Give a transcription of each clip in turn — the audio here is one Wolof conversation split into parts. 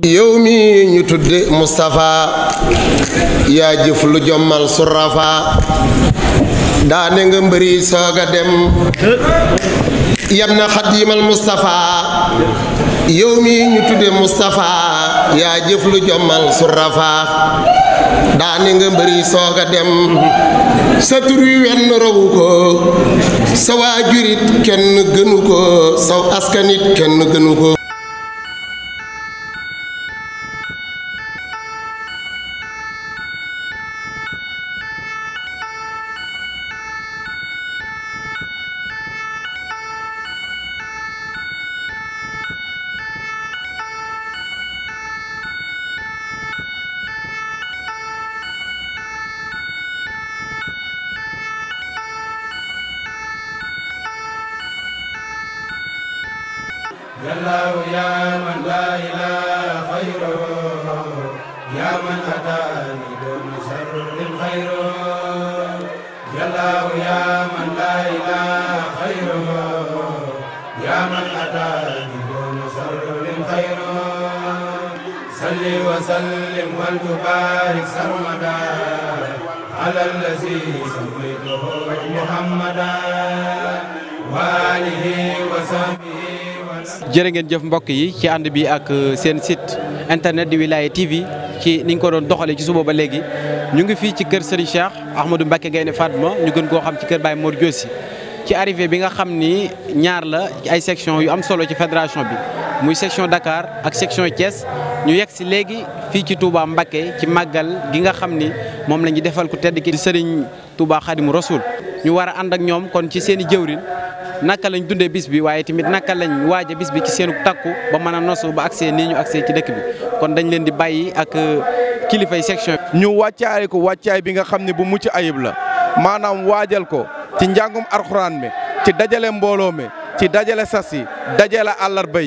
yow mi ñu tudd Moustapha yaa jëf lu jommal surafa daane nga mbëri sooga dem yow mi ñu tudde yaa jëf jommal surafa daane nga mbëri sooga dem sa tur wi wenn rawu ko sa waajurit kenn gënu ko saw askanit kenn gënu ko جل الله يا من لا إله خيره يا من أتاني دون شر خيره جل الله يا من لا إله خيره يا من أتاني دون شر خيره صل وسلم وتبارك سرمدا على الذي سميته محمدا وآله وصحبه jërë ngeen jëf mbokk yi ci ànd bi ak euh, seen sit internet di Wilaya TV ci ni ñu ko doon doxalee ci suba ba léegi ñu ngi fii ci kër Serigne Cheikh Ahmadou Mbacké Gaïndé Fatma ñu gën koo xam ci kër Baye Mor Diossi ci arrivé bi nga xam ni ñaar la ay section yu am solo ci fédération bi muy section Dakar ak section Thiès ñu yegg si léegi fii ci Touba Mbacké ci màggal gi nga xam ni moom la ñu defal ku tedd ki di Serigne Touba Khadimou Rassoul ñu war a ànd ak ñoom kon ci seen i jëwrin naka lañ dundee bis bi waaye tamit naka lañ waaja bis bi ci seenu takku ba mën a nosu ba accès nii ñu accès ci dëkk bi kon dañ leen di bàyyi ak euh, kilifay section ñu wàccaay ko wàccaay bi nga xam ne bu mucc ayib la maanaam waajal ko ci njàngum arxuraan mi ci dajale mbooloo mi ci dajale sas yi dajale àllarba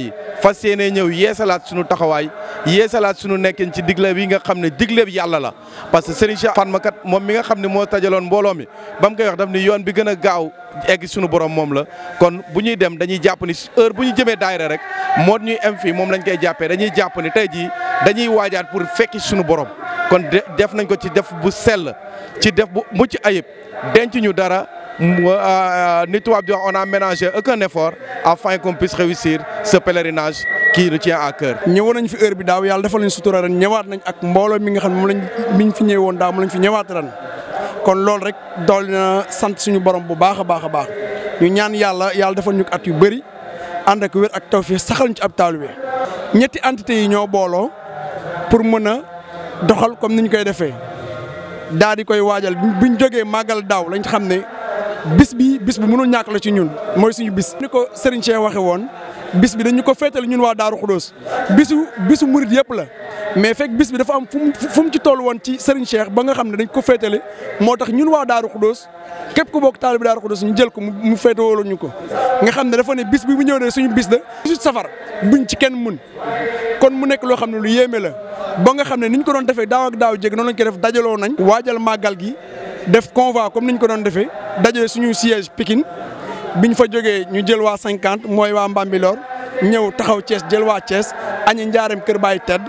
fas yéene ñëw yeesalaat sunu taxawaay yeesalaat sunu nekkin ci digle bii nga xam ne digle bi yàlla la parce que Serigne Cheikh Fatma kat moom mi nga xam ne moo tajaloon mbooloo mi ba mu koy wax daf ni yoon bi gën a gaaw egg sunu boroom moom la kon bu ñuy dem dañuy jàpp ni heure bu ñu jëmee daayira rek moo ñuy am fii moom lañ koy jàppee dañuy jàpp ni tey jii dañuy waajaat pour fekki sunu borom kon def nañ ko ci def bu sell ci def bu mucc ayib denc ñu dara Euh, euh, nous on a ménagé aucun effort afin qu'on puisse réussir ce pèlerinage qui nous tient à cœur. ñëwoon nañ fi heure bi daaw yàlla defal nañ sutura ren ñëwaat nañ ak mbooloo mi nga xam ne moom lañ mi ñu fi ñëwoon daaw moom fi ñëwaat ren kon lool rek dool sante suñu borom bu baaxa baaxa baax ñu ñaan yalla yalla defal ñuk at yu bari and ak wër ak tawfiq saxal ñu ci ab taalibe ñetti entité yi ñoo bolo pour mëna doxal comme niñ koy défé daal di koy waajal buñ joggé magal daw lañ xamné bis bi bis bu mënul ñàkk la ci ñun mooy suñu bis. ni ko Serigne Cheikh waxe woon bis bi dañu ko féetale ñun waa Daaru Xudóos bisu bisu murit yëpp la mais fekk bis bi dafa am fu mu fu mu ci toll woon ci Serigne Cheikh ba nga xam ne dañ ko féetale moo tax ñun waa Daaru Xudóos képp ku bokk taalibe Daaru Xudóos ñu jël ko mu féetewoo ñu ko. nga xam ne dafa ne bis bi mu ñëw ne suñu bis la bisu safar buñ ci kenn mun kon mu nekk loo xam ne lu yéeme la ba nga xam ne ñu ko doon defee daaw daaw jég noonu lañ ko def dajaloo nañ. waajal màggal gi def convoi comme niñ ko doon defee. dajale suñu siège Pikine biñ fa joggé ñu jël wa 50 moy wa Mbambilor ñew taxaw Thiès jël wa Thiès añi njaareem Kër Baye Tedd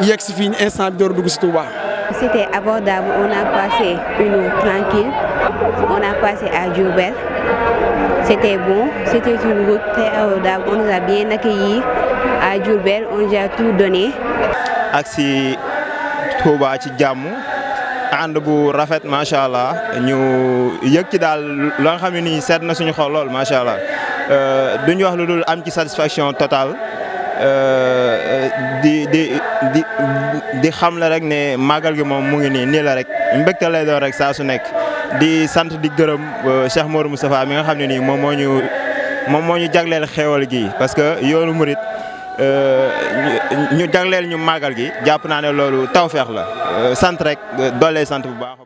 yegg si fii instant bi door dugg ci Touba. C'était abordable, on a passé une heure tranquille, on a passé à Djourbel. C'était bon, c'était une route très abordable, on nous a bien accueillis à Djourbel. on nous a tout donné. ak si Touba ci jamm ànd bu rafet macha allah ñu yëg ci daal loo xam ne nii seet na suñu xol lool macha allah euh, duñ wax lu dul am ci satisfaction totale euh, di di di di xam la rek ne màggal gi moom mu ngi nii nii la rek mbégte lay doon rek saa su nekk di sant di gërëm euh, Cheikh Mor Moustapha mi nga xam ne nii moom moo ñu moom moo ñu jagleel xéewal gi parce que yoonu murit ñu jagleel ñu màggal gi jàpp naa ne loolu tawfeex la euh, sant rek euh, doole sant bu baax.